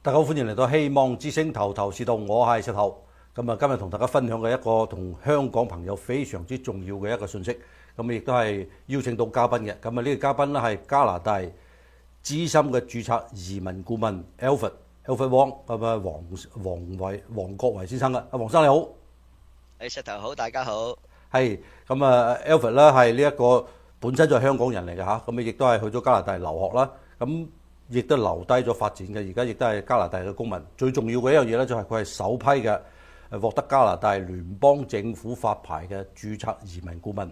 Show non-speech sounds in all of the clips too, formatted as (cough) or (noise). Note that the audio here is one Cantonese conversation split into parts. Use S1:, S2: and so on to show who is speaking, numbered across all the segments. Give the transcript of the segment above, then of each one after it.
S1: 大家好，歡迎嚟到希望之聲。頭頭是道，我係石頭。咁啊，今日同大家分享嘅一個同香港朋友非常之重要嘅一個信息。咁亦都係邀請到嘉賓嘅。咁啊，呢個嘉賓咧係加拿大資深嘅註冊移民顧問，Alfred Alfred Wong，咁啊，黃黃偉黃國為先生啊。阿黃生你好，
S2: 誒，石頭好，大家好。
S1: 係。咁啊，Alfred 咧係呢一個本身就係香港人嚟嘅吓，咁亦都係去咗加拿大留學啦。咁亦都留低咗發展嘅，而家亦都係加拿大嘅公民。最重要嘅一樣嘢咧，就係佢係首批嘅誒獲得加拿大聯邦政府發牌嘅註冊移民顧問，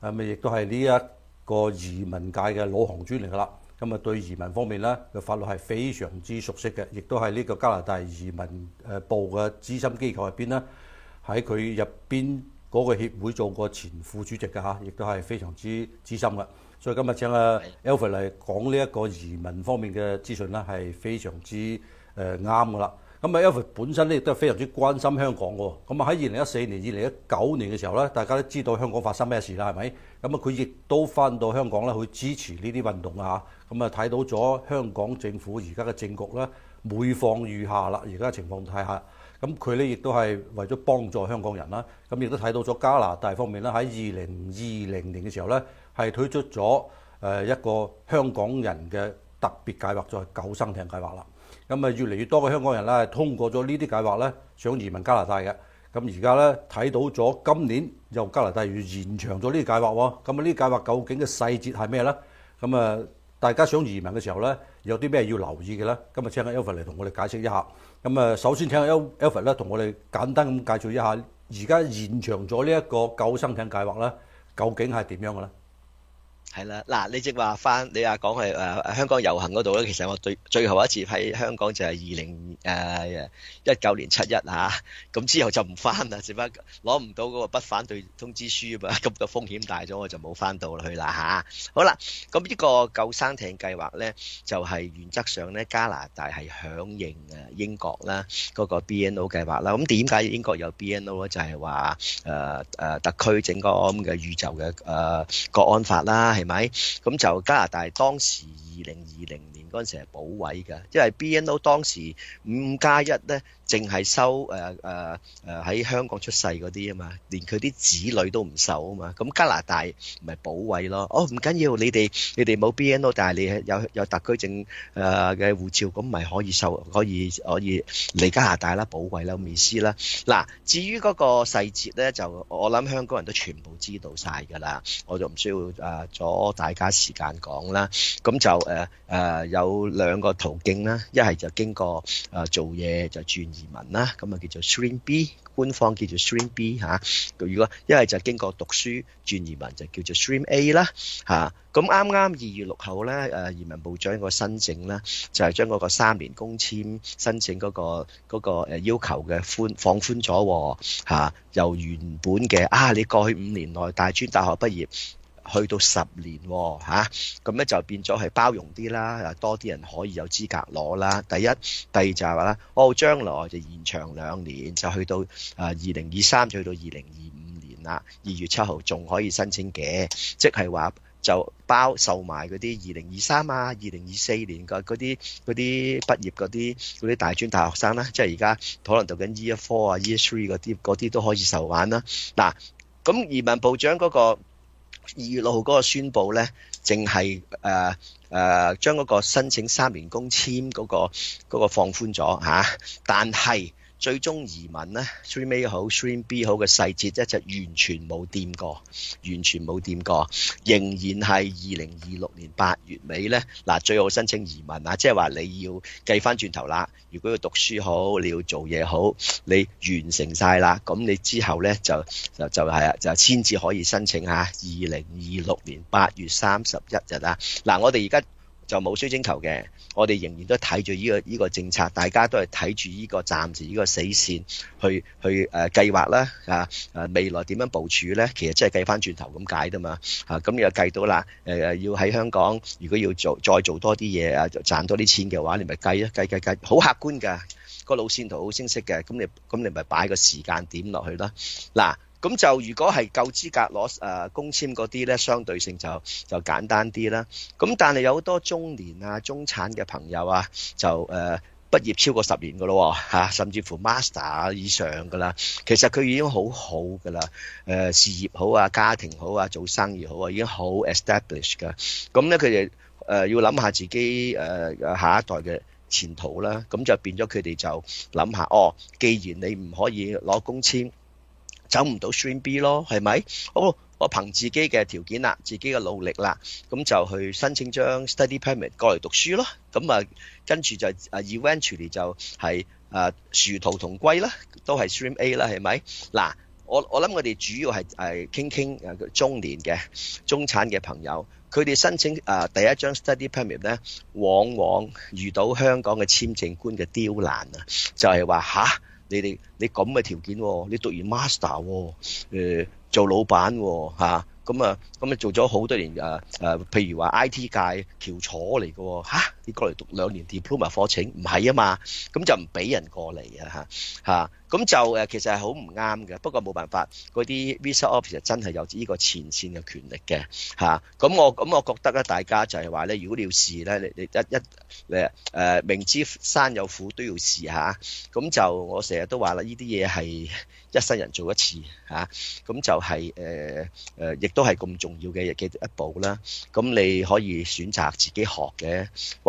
S1: 咁咪亦都係呢一個移民界嘅老行尊嚟噶啦。咁、嗯、啊，對移民方面咧嘅法律係非常之熟悉嘅，亦都係呢個加拿大移民部嘅資深機構入邊咧，喺佢入邊嗰個協會做過前副主席嘅吓，亦都係非常之資深嘅。所以今日請阿 Alfred 嚟講呢一個移民方面嘅資訊咧，係非常之誒啱嘅啦。咁啊，Alfred 本身咧亦都係非常之關心香港嘅。咁啊，喺二零一四年、二零一九年嘅時候咧，大家都知道香港發生咩事啦，係咪？咁啊，佢亦都翻到香港咧去支持呢啲運動啊。咁啊，睇到咗香港政府而家嘅政局咧每況愈下啦。而家嘅情況睇下，咁佢咧亦都係為咗幫助香港人啦。咁亦都睇到咗加拿大方面咧喺二零二零年嘅時候咧。係推出咗誒一個香港人嘅特別計劃，就係、是、救生艇計劃啦。咁啊，越嚟越多嘅香港人咧，通過咗呢啲計劃咧，想移民加拿大嘅。咁而家咧睇到咗今年由加拿大要延長咗呢啲計劃喎。咁啊，呢啲計劃究竟嘅細節係咩咧？咁啊，大家想移民嘅時候咧，有啲咩要留意嘅咧？今日請阿 Alfred 嚟同我哋解釋一下。咁啊，首先請阿 Alfred 咧同我哋簡單咁介紹一下，而家延長咗呢一個救生艇計劃咧，究竟係點樣嘅咧？
S2: 係啦，嗱，你即話翻你啊講係誒香港遊行嗰度咧，其實我最最後一次喺香港就係二零誒一九年七一嚇，咁、啊、之後就唔翻啦，只不過攞唔到嗰個不反對通知書啊嘛，咁、嗰個風險大咗我就冇翻到去啦嚇、啊。好啦，咁呢個救生艇計劃咧，就係、是、原則上咧加拿大係響應英國啦嗰個 BNO 計劃啦。咁點解英國有 BNO 咧？就係話誒誒特區整個咁嘅宇宙嘅誒、呃、國安法啦，是係咪？咁就加拿大當時。二零二零年嗰陣時係補位㗎，因為 BNO 當時五加一咧，淨係收誒誒誒喺香港出世嗰啲啊嘛，連佢啲子女都唔受啊嘛。咁加拿大咪補位咯？哦，唔緊要，你哋你哋冇 BNO，但係你有有特區證誒嘅、呃、護照，咁咪可以收，可以可以嚟加拿大啦，補位啦，我咪意思啦。嗱，至於嗰個細節咧，就我諗香港人都全部知道晒㗎啦，我就唔需要誒、呃、阻大家時間講啦。咁就。誒誒有兩個途徑啦，一係就經過誒做嘢就轉移民啦，咁啊叫做 Stream B，官方叫做 Stream B 嚇。如果一係就經過讀書轉移民就叫做 Stream A 啦嚇。咁啱啱二月六號咧誒移民部長個申請啦，就係將嗰個三年工簽申請嗰個嗰個誒要求嘅寬放寬咗嚇，由原本嘅啊你過去五年內大專大學畢業。去到十年喎、啊、嚇，咁、啊、咧就變咗係包容啲啦，啊多啲人可以有資格攞啦。第一，第二就係話啦，哦將來就延長兩年，就去到啊二零二三就去到二零二五年啦。二月七號仲可以申請嘅，即係話就包售賣嗰啲二零二三啊、二零二四年嘅嗰啲嗰啲畢業嗰啲嗰啲大專大學生啦、啊，即係而家可能讀緊 E S four 啊、E S three 嗰啲嗰啲都可以受玩啦、啊。嗱、啊，咁移民部長嗰、那個。二月六號嗰個宣布咧，淨係誒誒將嗰個申請三年工簽、那個，嗰個嗰個放寬咗嚇，但係。最終移民呢 Stream A 好，Stream B 好嘅細節一就完全冇掂過，完全冇掂過，仍然係二零二六年八月尾呢，嗱，最好申請移民啊！即係話你要計翻轉頭啦，如果要讀書好，你要做嘢好，你完成晒啦，咁你之後呢，就就就係啊，就先至可以申請下。二零二六年八月三十一日啊！嗱，我哋而家。就冇需徵求嘅，我哋仍然都睇住呢個呢個政策，大家都係睇住呢個暫時呢個死線去去誒計劃啦啊，誒未來點樣部署咧？其實即係計翻轉頭咁解啫嘛啊，咁又計到啦，誒要喺香港如果要做再做多啲嘢，啊賺多啲錢嘅話，你咪計計計計好客觀㗎個路線圖好清晰嘅，咁你咁你咪擺個時間點落去啦嗱。咁就如果係夠資格攞工簽嗰啲咧，相對性就就簡單啲啦。咁但係有好多中年啊、中產嘅朋友啊，就誒、呃、畢業超過十年㗎咯喎，甚至乎 master 以上㗎啦。其實佢已經好好㗎啦，事業好啊、家庭好啊、做生意好啊，已經好 establish 㗎。咁咧佢哋要諗下自己誒、呃、下一代嘅前途啦。咁就變咗佢哋就諗下，哦，既然你唔可以攞工簽。走唔到 Stream B 咯，係咪？好，我憑自己嘅條件啦，自己嘅努力啦，咁就去申請張 Study Permit 過嚟讀書咯。咁啊，跟住就啊，eventually 就係啊殊途同歸啦，都係 Stream A 啦，係咪？嗱，我我諗我哋主要係係傾傾啊中年嘅中產嘅朋友，佢哋申請啊第一張 Study Permit 咧，往往遇到香港嘅簽證官嘅刁難啊，就係話吓。你哋你咁嘅條件，哦，你讀完 master，喎、哦呃，做老闆喎、哦、咁啊咁啊做咗好多年、啊、譬如話 IT 界翹楚嚟嘅吓。你過嚟讀兩年 diploma 課程唔係啊嘛，咁就唔俾人過嚟啊嚇嚇，咁就誒其實係好唔啱嘅。不過冇辦法，嗰啲 visa officer 真係有呢個前線嘅權力嘅嚇。咁、啊、我咁我覺得咧，大家就係話咧，如果你要試咧，你一一你一一誒誒明知山有虎都要試嚇。咁、啊、就我成日都話啦，呢啲嘢係一生人做一次嚇。咁、啊、就係誒誒，亦、啊啊、都係咁重要嘅嘅一步啦。咁、啊、你可以選擇自己學嘅，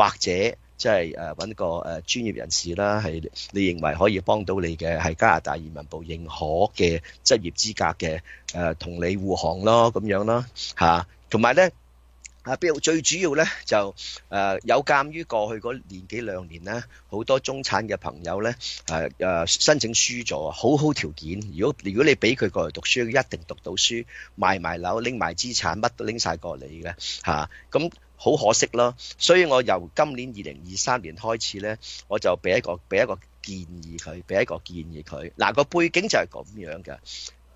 S2: 或者即係誒揾個誒專業人士啦，係你認為可以幫到你嘅，係加拿大移民部認可嘅職業資格嘅誒，同你護航咯，咁樣咯嚇。同埋咧啊，譬如最主要咧就誒有鑑於過去嗰年幾兩年咧，好多中產嘅朋友咧誒誒申請輸咗。好好條件，如果如果你俾佢過嚟讀書，佢一定讀到書，賣埋樓拎埋資產，乜都拎晒過嚟嘅嚇。咁、啊好可惜咯，所以我由今年二零二三年開始咧，我就俾一個俾一個建議佢，俾一個建議佢。嗱個背景就係咁樣嘅。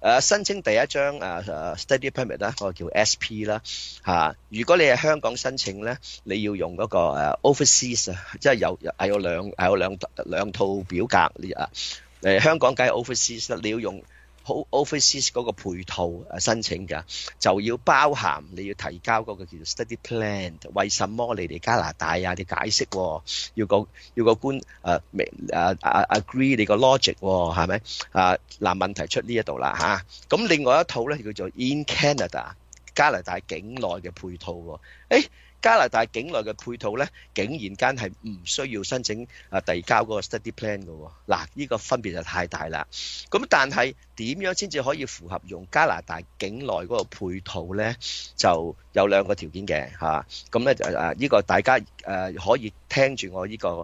S2: 誒申請第一張誒、uh, 誒 study permit 啦，嗰個叫 S P 啦、啊、嚇。如果你係香港申請咧，你要用嗰個 overseas 即係有有係有兩係有兩兩套表格你啊誒香港梗係 overseas 你要用。Office 嗰個配套申請㗎，就要包含你要提交嗰個叫做 Study Plan，為什麼你嚟加拿大啊？啲解釋、哦、要個要個官誒、uh, uh, agree 你個 logic 係咪？啊，嗱問題出呢一度啦吓，咁另外一套咧叫做 In Canada 加拿大境內嘅配套喎、哦，哎加拿大境內嘅配套咧，竟然間係唔需要申請啊遞交嗰個 study plan 嘅喎、哦。嗱，呢個分別就太大啦。咁但係點樣先至可以符合用加拿大境內嗰個配套咧？就有兩個條件嘅嚇。咁咧誒，依、這個大家誒、啊、可以聽住我呢、這個誒誒、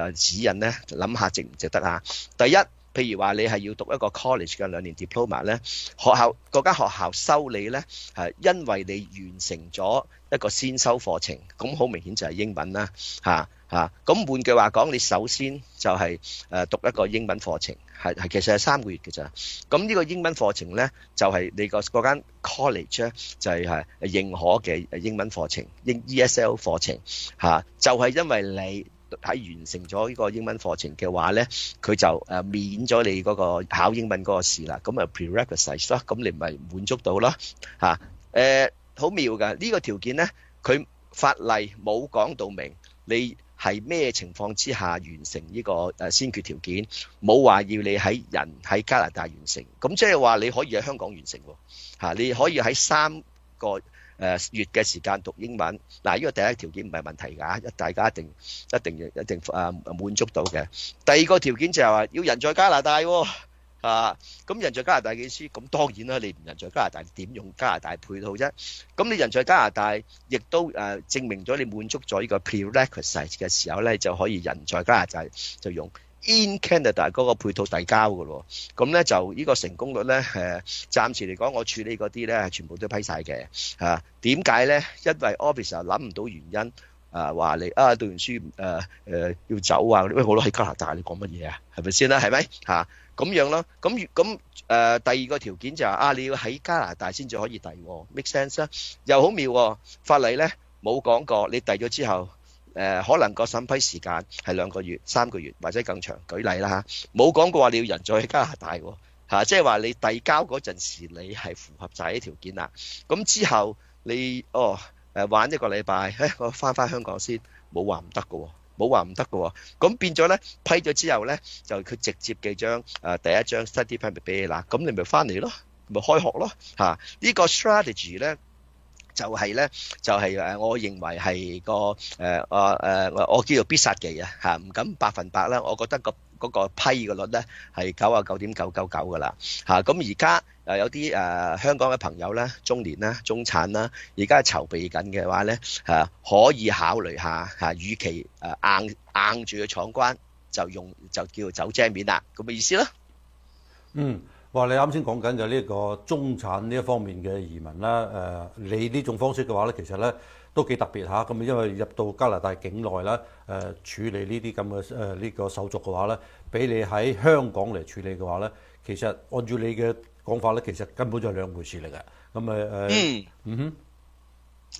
S2: 啊啊、指引咧，諗下值唔值得啊？第一。譬如話你係要讀一個 college 嘅兩年 diploma 咧，學校嗰間學校收你咧，係因為你完成咗一個先修課程，咁好明顯就係英文啦，嚇嚇。咁換句話講，你首先就係誒讀一個英文課程，係係其實係三個月嘅咋。咁呢個英文課程咧，就係你個嗰間 college 咧，就係係認可嘅英文課程，英 ESL 課程嚇，就係因為你。喺完成咗呢個英文課程嘅話咧，佢就誒免咗你嗰個考英文嗰個試啦，咁咪 prerequisite 啦，咁你咪滿足到啦嚇誒，好妙㗎！呢個條件咧，佢法例冇講到明，你係咩情況之下完成呢個誒先決條件，冇話要你喺人喺加拿大完成，咁即係話你可以喺香港完成喎嚇，你可以喺三個，誒月嘅時間讀英文，嗱呢、這個第一條件唔係問題㗎，一大家一定一定一定誒、啊、滿足到嘅。第二個條件就係話要人在加拿大喎、啊，咁、啊、人在加拿大嘅意思，咁當然啦，你唔人在加拿大點用加拿大配套啫？咁你人在加拿大，亦都誒證明咗你滿足咗呢個 prerequisite 嘅時候咧，就可以人在加拿大就用。In Canada 嗰個配套遞交嘅咯，咁咧就依個成功率咧誒，暫時嚟講我處理嗰啲咧係全部都批晒嘅嚇。點解咧？因為 officer 諗唔到原因啊，話你啊讀完書誒誒要走啊嗰啲，喂我都喺加拿大，你講乜嘢啊？係咪先啦？係咪嚇咁樣咯？咁咁誒第二個條件就係啊你要喺加拿大先至可以遞，make sense 啊？又好妙喎！法例咧冇講過，你遞咗之後。誒可能個審批時間係兩個月、三個月或者更長。舉例啦嚇，冇講過話你要人在加拿大喎嚇，即係話你遞交嗰陣時你係符合晒啲條件啦。咁之後你哦誒玩一個禮拜，誒我翻返香港先，冇話唔得嘅，冇話唔得嘅。咁變咗咧批咗之後咧，就佢直接寄張誒第一張 study permit 俾你啦。咁你咪翻嚟咯，咪開學咯嚇。呢個 strategy 咧。就係咧，就係誒，我認為係個誒、呃，我誒、呃、我叫做必殺技啊嚇，唔敢百分百啦，我覺得個嗰個批嘅率咧係九啊九點九九九嘅啦嚇。咁而家誒有啲誒香港嘅朋友咧，中年啦、中產啦，而家係籌備緊嘅話咧，誒可以考慮下嚇，與其誒硬硬住去闖關，就用就叫做走遮面啦，咁嘅意思咯。
S1: 嗯。哇！你啱先講緊就呢個中產呢一方面嘅移民啦，誒、呃，你呢種方式嘅話呢，其實呢都幾特別嚇。咁因為入到加拿大境內啦，誒、呃、處理呢啲咁嘅誒呢個手續嘅話呢，畀你喺香港嚟處理嘅話呢，其實按照你嘅講法呢，其實根本就係兩回事嚟嘅。咁誒誒嗯哼，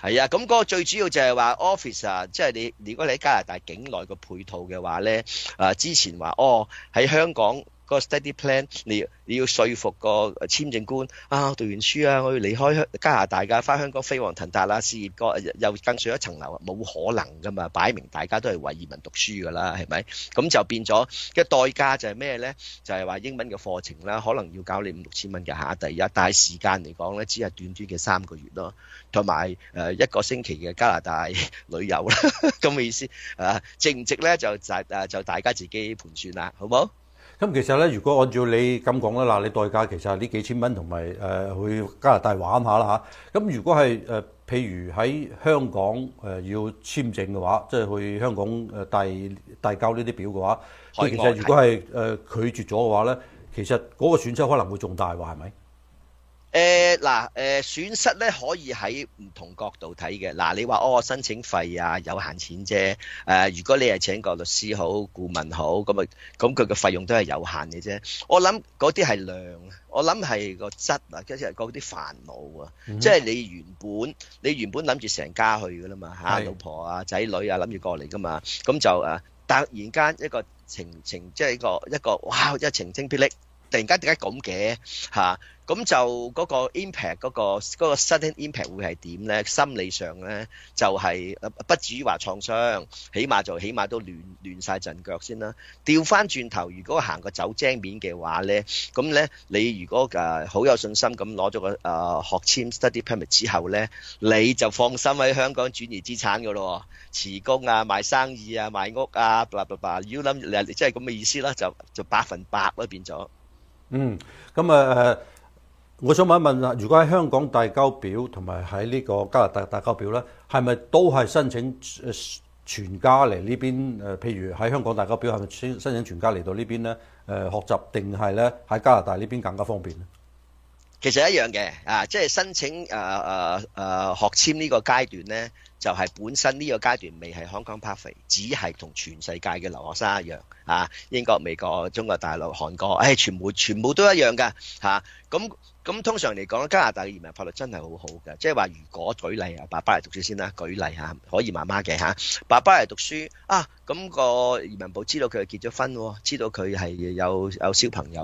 S1: 係啊。咁、那、嗰個
S2: 最主要就係話 office 啊，即係你如果你喺加拿大境內嘅配套嘅話
S1: 呢，誒、呃、
S2: 之前話哦喺香港。個 study plan，你你要説服個簽證官啊！讀完書啊，我要離開加拿大㗎，返香港飛黃騰達啦，事業又更上一層樓，冇可能㗎嘛！擺明大家都係為移民讀書㗎啦，係咪？咁就變咗嘅代價就係咩呢？就係話英文嘅課程啦，可能要搞你五六千蚊嘅嚇，第一，但係時間嚟講呢，只係短短嘅三個月咯，同埋誒一個星期嘅加拿大旅遊啦，咁 (laughs) 嘅意思啊，值唔值呢？就就大家自己
S1: 盤算啦，好冇好？咁其實咧，如果按照你咁講咧，嗱，你代價其實係呢幾千蚊，同埋誒去加拿大玩下啦嚇。咁如果係誒，譬如喺香港誒要簽證嘅話，即係去香港誒遞遞交呢啲表嘅話，即係其實如果係誒拒絕咗嘅話咧，其實嗰個損失可能會仲大話，係咪？
S2: 誒，嗱、呃，誒、呃，損失咧可以喺唔同角度睇嘅。嗱、呃，你話哦，申請費啊，有限錢啫。誒、呃，如果你係請個律師好，顧問好，咁啊，咁佢嘅費用都係有限嘅啫。我諗嗰啲係量，我諗係個質啊，即係啲煩惱啊。嗯、即係你原本，你原本諗住成家去噶啦嘛，吓是老婆啊，仔女啊，諗住過嚟噶嘛，咁就誒，突然間一個情情，即係一個一個，哇，一晴天霹靂。突然間點解咁嘅嚇？咁、啊、就嗰個 impact 嗰、那個嗰、那個 sudden impact 會係點咧？心理上咧就係、是、不至於話創傷，起碼就起碼都亂亂晒陣腳先啦。調翻轉頭，如果行個走精面嘅話咧，咁咧你如果誒好有信心咁攞咗個誒學簽 study permit 之後咧，你就放心喺香港轉移資產噶咯，辭工啊、賣生意啊、賣屋啊，blah blah blah，要諗誒，即係咁嘅意思啦，就就百分百咯變咗。
S1: 嗯，咁啊，我想問一問啊，如果喺香港遞交表同埋喺呢個加拿大遞交表呢，係咪都係申請誒全家嚟呢邊誒？譬如喺香港遞交表係咪申申請全家嚟到呢邊呢？誒，學習定係呢？喺加拿大呢邊更加方便咧？
S2: 其實一樣嘅啊，即係申請誒誒誒學簽呢個階段呢。就係本身呢個階段，未係 Hong Kong Path 只係同全世界嘅留學生一樣啊！英國、美國、中國大陸、韓國，誒，全部全部都一樣㗎吓。咁。咁通常嚟講，加拿大嘅移民法律真係好好嘅，即係話如果舉例啊，爸爸嚟讀書先啦，舉例嚇可以媽媽嘅下爸爸嚟讀書啊，咁個移民部知道佢係結咗婚，知道佢係有有小朋友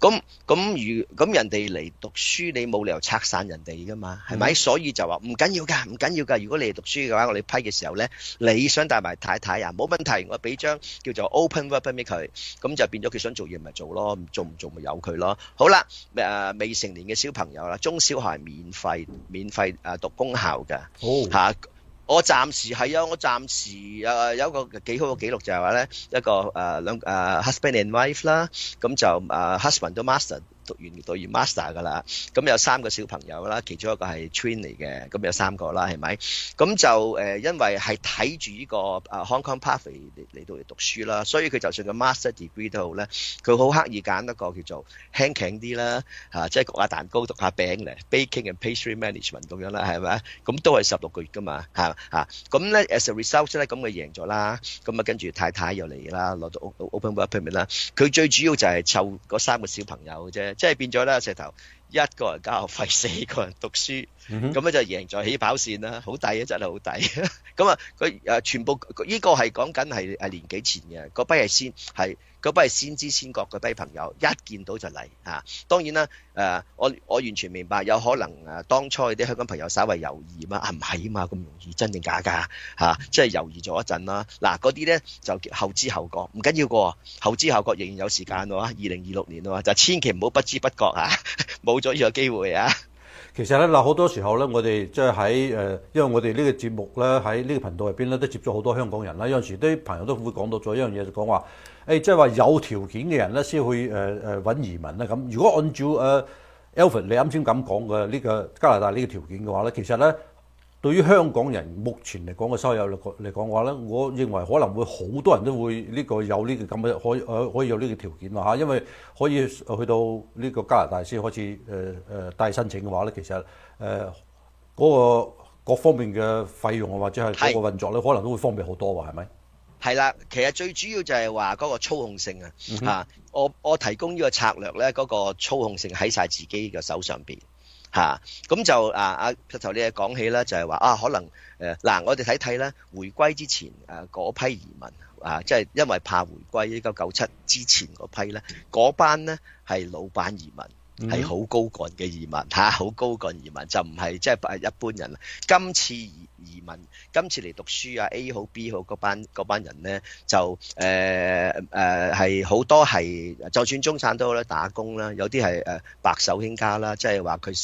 S2: 嘅喎，咁咁如咁人哋嚟讀書，你冇理由拆散人哋噶嘛，係咪？嗯、所以就話唔緊要㗎，唔緊要㗎，如果你嚟讀書嘅話，我哋批嘅時候咧，你想帶埋太太啊，冇問題，我俾張叫做 open work permit 佢，咁就變咗佢想做嘢咪做咯，做唔做咪由佢咯，好啦，未、呃。成年嘅小朋友啦，中小學係免費免費誒，讀公校嘅，好吓，我暫時係啊，我暫時誒有個幾好嘅記錄，就係話咧一個誒兩誒 husband and wife 啦，啊，咁就誒 husband 都 master。讀完讀完 master 㗎啦，咁有三個小朋友啦，其中一個係 twin 嚟嘅，咁有三個啦，係咪？咁就誒，因為係睇住呢個啊 Hong Kong Pathway 嚟嚟到嚟讀書啦，所以佢就算個 master degree 都好咧，佢好刻意揀一個叫做輕頸啲啦，嚇，即係焗下蛋糕、讀下餅嚟 baking and pastry management 咁樣啦，係咪啊？咁都係十六個月㗎嘛，嚇嚇，咁咧 as a result 咧，咁佢贏咗啦，咁啊跟住太太又嚟啦，攞到 open work permit 啦，佢最主要就係湊嗰三個小朋友啫。即係變咗啦，石頭。一個人交學費，四個人讀書，咁咧、mm hmm. 就贏在起跑線啦，好抵啊，真係好抵。咁 (laughs) 啊，佢誒全部呢、呢個係講緊係係年幾前嘅，嗰批係先係，嗰批係先知先覺嘅批朋友，一見到就嚟嚇、啊。當然啦，誒、啊、我我完全明白，有可能誒當初啲香港朋友稍為猶豫啊，唔係啊嘛，咁容易真定假㗎嚇，即、啊、係猶豫咗一陣啦。嗱、啊，嗰啲咧就後知後覺，唔緊要個，後知後覺仍然有時間喎，二零二六年喎，就千祈唔好不知不覺嚇，冇、啊。
S1: 咗呢個機會啊！其實咧，嗱好多時候咧，我哋即係喺誒，因為我哋呢個節目咧，喺呢個頻道入邊咧，都接咗好多香港人啦。有陣時啲朋友都會講到咗一樣嘢，就講話誒，即係話有條件嘅人咧先去誒誒揾移民啦。咁如果按照誒、呃、Alfred 你啱先咁講嘅呢個加拿大呢個條件嘅話咧，其實咧。對於香港人目前嚟講嘅收入嚟講嘅話咧，我認為可能會好多人都會呢個有呢個咁嘅可誒可以有呢個條件嘛嚇，因為可以去到呢個加拿大先開始誒誒帶申請嘅話咧，其實誒、呃、嗰個各方面嘅費用或者係嗰個運作咧，可能都會方便好多喎，係咪？
S2: 係啦，其實最主要就係話嗰個操控性啊！啊、嗯哼，我我提供呢個策略咧，嗰、嗰個操控性喺晒自己嘅手上邊。嚇，咁就啊啊，頭先你係講起啦，就係話啊，可能誒嗱，我哋睇睇咧，回歸之前誒嗰批移民啊，即係因為怕回歸一九九七之前嗰批咧，嗰班咧係老闆移民。係好高幹嘅移民吓好、啊、高幹移民就唔係即係一般人啦。今次移移民，今次嚟讀書啊 A 好 B 好嗰班嗰班人咧，就誒誒係好多係就算中產都好啦，打工啦，有啲係誒白手興家啦，即係話佢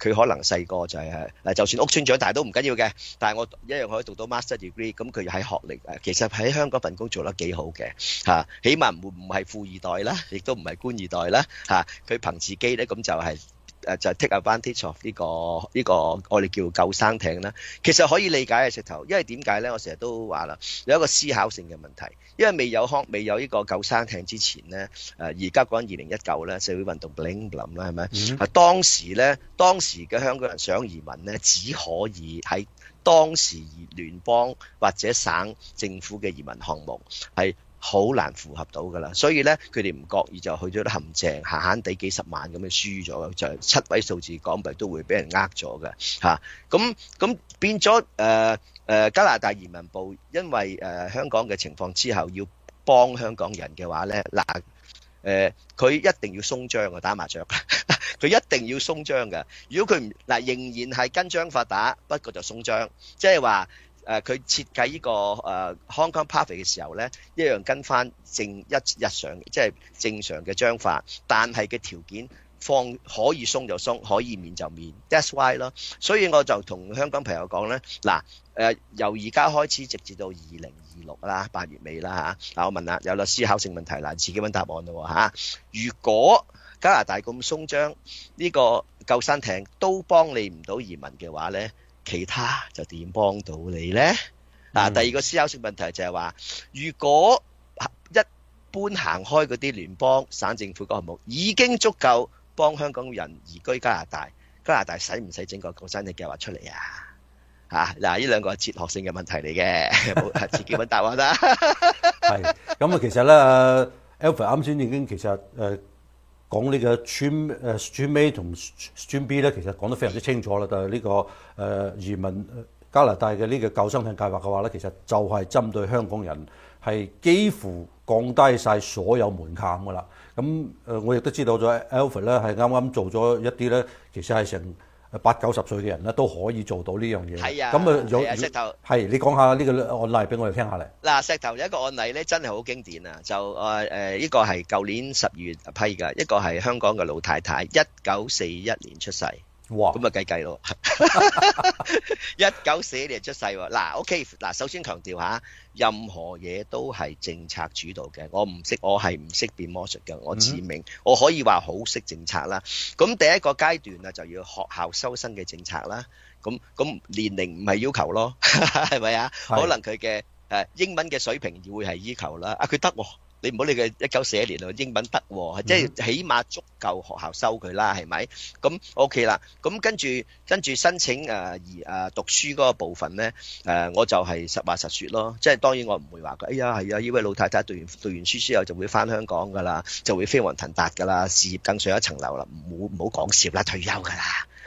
S2: 佢可能細個就係、是、誒，就算屋村長大都唔緊要嘅。但係我一樣可以讀到 master degree，咁佢喺學歷誒，其實喺香港份工做得幾好嘅吓、啊、起碼唔唔係富二代啦，亦都唔係官二代啦吓佢憑自己。呢，咁就係、是、誒就係、是、take advantage of 呢、這個呢、這個我哋叫救生艇啦，其實可以理解嘅石頭，因為點解咧？我成日都話啦，有一個思考性嘅問題，因為未有康未有呢個救生艇之前咧，誒而家講二零一九咧，社會運動 bling bling 啦，係咪、mm？啊、hmm。當時咧，當時嘅香港人想移民咧，只可以喺當時聯邦或者省政府嘅移民項目係。好難符合到㗎啦，所以咧佢哋唔覺意就去咗啲陷阱，閒閒地幾十萬咁樣輸咗嘅，就七位數字港幣都會俾人呃咗嘅吓。咁咁變咗誒誒加拿大移民部，因為誒香港嘅情況之後要幫香港人嘅話咧，嗱誒，佢一定要鬆章啊，打麻雀，佢一定要鬆章嘅。如果佢唔嗱，仍然係跟章法打，不過就鬆章，即係話。誒佢、啊、設計呢、這個誒 Hong Kong Path 嘅時候咧，一樣跟翻正一日常即係正常嘅章法，但係嘅條件放可以鬆就鬆，可以免就免。That's why 咯，所以我就同香港朋友講咧，嗱、啊啊、由而家開始直至到二零二六啦，八月尾啦嗱、啊、我問啦，有啦思考性問題啦，自己揾答案咯嚇、啊。如果加拿大咁鬆章，呢、這個救生艇都幫你唔到移民嘅話咧？其他就點幫到你呢？嗱、啊，第二個思考性問題就係話，如果一般行開嗰啲聯邦省政府嗰項目已經足夠幫香港人移居加拿大，加拿大使唔使整個國產嘅計劃出嚟啊？嚇、啊！嗱、啊，呢兩個係哲
S1: 學性嘅問題嚟嘅，有
S2: 有自己揾答案啦。
S1: 係咁啊， (laughs) (laughs) 其實呢 Alfred 啱先已經其實誒。呃講呢個 Stream A 同 Stream B 咧，其實講得非常之清楚啦。但係呢個移民加拿大嘅呢個救生艇計劃嘅話咧，其實就係針對香港人係幾乎降低曬所有門檻噶啦。咁我亦都知道咗 Alfred 咧係啱啱做咗一啲咧，其實係成。八九十歲嘅人咧都可以做到呢樣嘢，咁啊有係啊石頭，係你講下呢個案例俾我哋聽下嚟。
S2: 嗱，石頭有一個案例咧，真係好經典啊！就誒誒，依、呃呢個係舊年十二月批㗎，一個係香港嘅老太太，一九四一年出世。哇！咁咪計計咯，一九四一年出世喎。嗱，OK，嗱，首先強調下，任何嘢都係政策主導嘅。我唔識，我係唔識變魔術嘅。我指明，嗯、我可以話好識政策啦。咁第一個階段啊，就要學校收生嘅政策啦。咁咁年齡唔係要求咯，係咪啊？是可能佢嘅誒英文嘅水平會係要求啦。啊，佢得，啊。你唔好理佢一九四一年啊，英文得喎、啊，mm hmm. 即係起碼足夠學校收佢啦，係咪？咁 OK 啦，咁跟住跟住申請誒而誒讀書嗰個部分咧，誒我就係實話實說咯，即係當然我唔會話佢，哎呀係啊，呢位老太太讀完讀完書之後就會翻香港噶啦，就會飛黃騰達噶啦，事業更上一層樓啦，唔好唔好講笑啦，退休噶啦。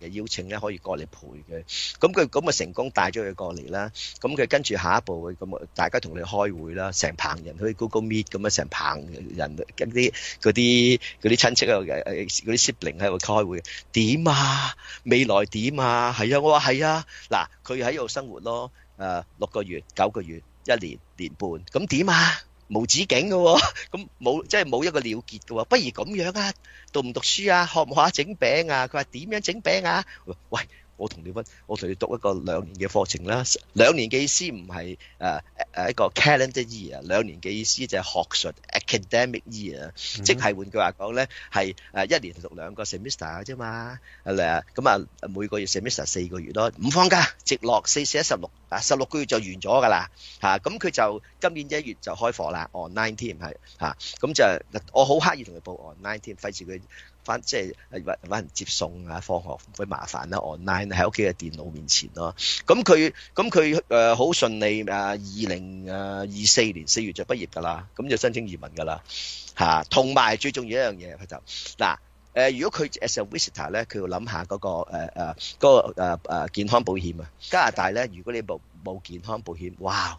S2: 嘅邀請咧，可以過嚟陪佢。咁佢咁啊成功帶咗佢過嚟啦，咁佢跟住下一步咁啊，大家同你開會啦，成棚人去 Google Meet 咁咪成棚人跟啲嗰啲嗰啲親戚嗰啲 Sibling 喺度開會，點啊？未來點啊？係啊，我話係啊，嗱，佢喺度生活咯，誒六個月、九個月、一年、年半，咁點啊？無止境嘅，咁冇即係冇一個了結嘅，不如咁樣啊，讀唔讀書啊，學唔學整餅啊？佢話點樣整餅啊？喂！我同你分，我同你讀一個兩年嘅課程啦。兩年嘅意思唔係誒誒一個 calendar year，兩年嘅意思就係學術 academic year，即係換句話講咧，係誒一年讀兩個 semester 啫嘛，係咪啊？咁啊每個月 semester 四個月咯，唔放假直落四四一十六，啊十六個月就完咗㗎啦嚇。咁佢就今年一月就開課啦，online team 係嚇。咁就我好刻意同佢報 online team，費事佢。翻即係揾人接送啊，放學唔會麻煩啦。Online 喺屋企嘅電腦面前咯。咁佢咁佢誒好順利誒，二零誒二四年四月就畢業㗎啦。咁就申請移民㗎啦嚇。同埋最重要嘅一樣嘢佢就嗱誒，如果佢 as a visitor 咧，佢要諗下嗰個誒誒嗰個健康保險啊。加拿大咧，如果你冇冇健康保險，哇！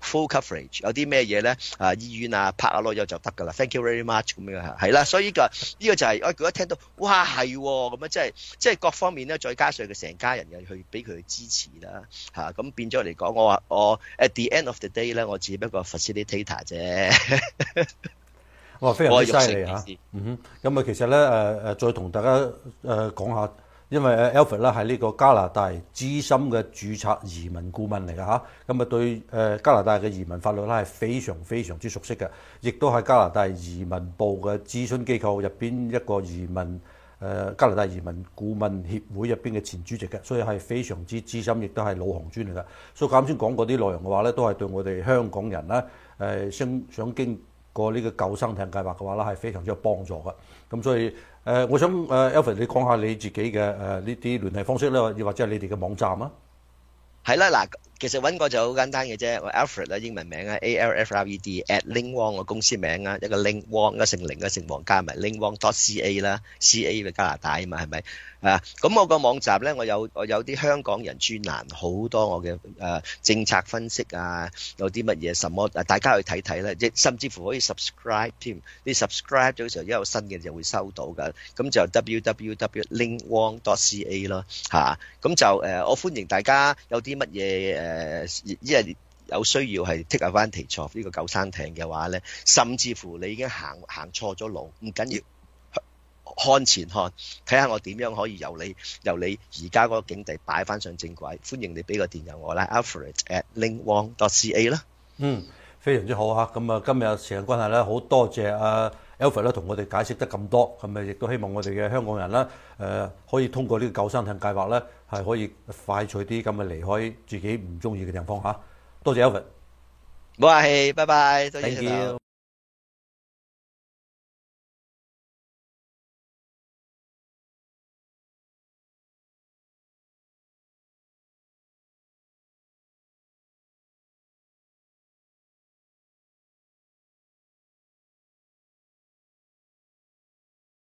S2: Full coverage 有啲咩嘢咧啊？醫院啊，拍下攞藥就得噶啦，Thank you very much 咁樣嚇係啦，所以依、這個依、這個就係、是、我一聽到哇係咁啊，即係即係各方面咧，再加上佢成家人又去俾佢支持啦嚇，咁、啊、變咗嚟講，我話我 at the end of the day 咧，我只不過 facilitator 啫。我話非常之犀利嚇，嗯哼，
S1: 咁啊其實咧誒誒再同大家誒、呃、講下。因為 Alfred 係呢個加拿大資深嘅註冊移民顧問嚟㗎嚇，咁啊對誒加拿大嘅移民法律啦係非常非常之熟悉嘅，亦都係加拿大移民部嘅諮詢機構入邊一個移民誒加拿大移民顧問協會入邊嘅前主席嘅，所以係非常之資深，亦都係老行尊嚟㗎。所以我啱先講嗰啲內容嘅話咧，都係對我哋香港人啦誒想想經過呢個救生艇計劃嘅話啦，係非常之有幫助嘅。咁所以。誒，我想誒，Alfred，你講下你自己嘅誒呢啲聯繫方式啦，亦或者係你哋嘅網站啊？係啦，嗱。
S2: 其實揾個就好簡單嘅啫，我 Alfred 啦，英文名啊，A L F R E D at linkwang 個公司名啊，一個 link 王，一個姓凌，一個姓黃，加埋 linkwang.ca 啦，ca 咪加拿大啊嘛，係咪？啊，咁我個網站咧，我有我有啲香港人專欄，好多我嘅誒政策分析啊，有啲乜嘢，什麼啊，大家去睇睇啦，即係甚至乎可以 subscribe 添，你 subscribe 咗嘅時候，一有新嘅就會收到㗎。咁就 www.linkwang.ca 咯，嚇，咁就誒，我歡迎大家有啲乜嘢誒。誒，一有需要係 take advantage of 呢個救生艇嘅話咧，甚至乎你已經行行錯咗路，唔緊要看前看，睇下我點樣可以由你由你而家嗰個境地擺翻上正軌。歡迎你俾個電郵我啦，Alfred at link Wong dot C A 啦。嗯，
S1: 非常之好嚇，咁啊今日時間關係咧，好多謝啊！Alfred 咧同我哋解釋得咁多，咁咪亦都希望我哋嘅香港人啦、呃，可以通過呢個救生艇計劃咧，係可以快脆啲咁去離開自己唔中意嘅地方嚇。多謝 Alfred，冇客氣，
S2: 拜拜，再見。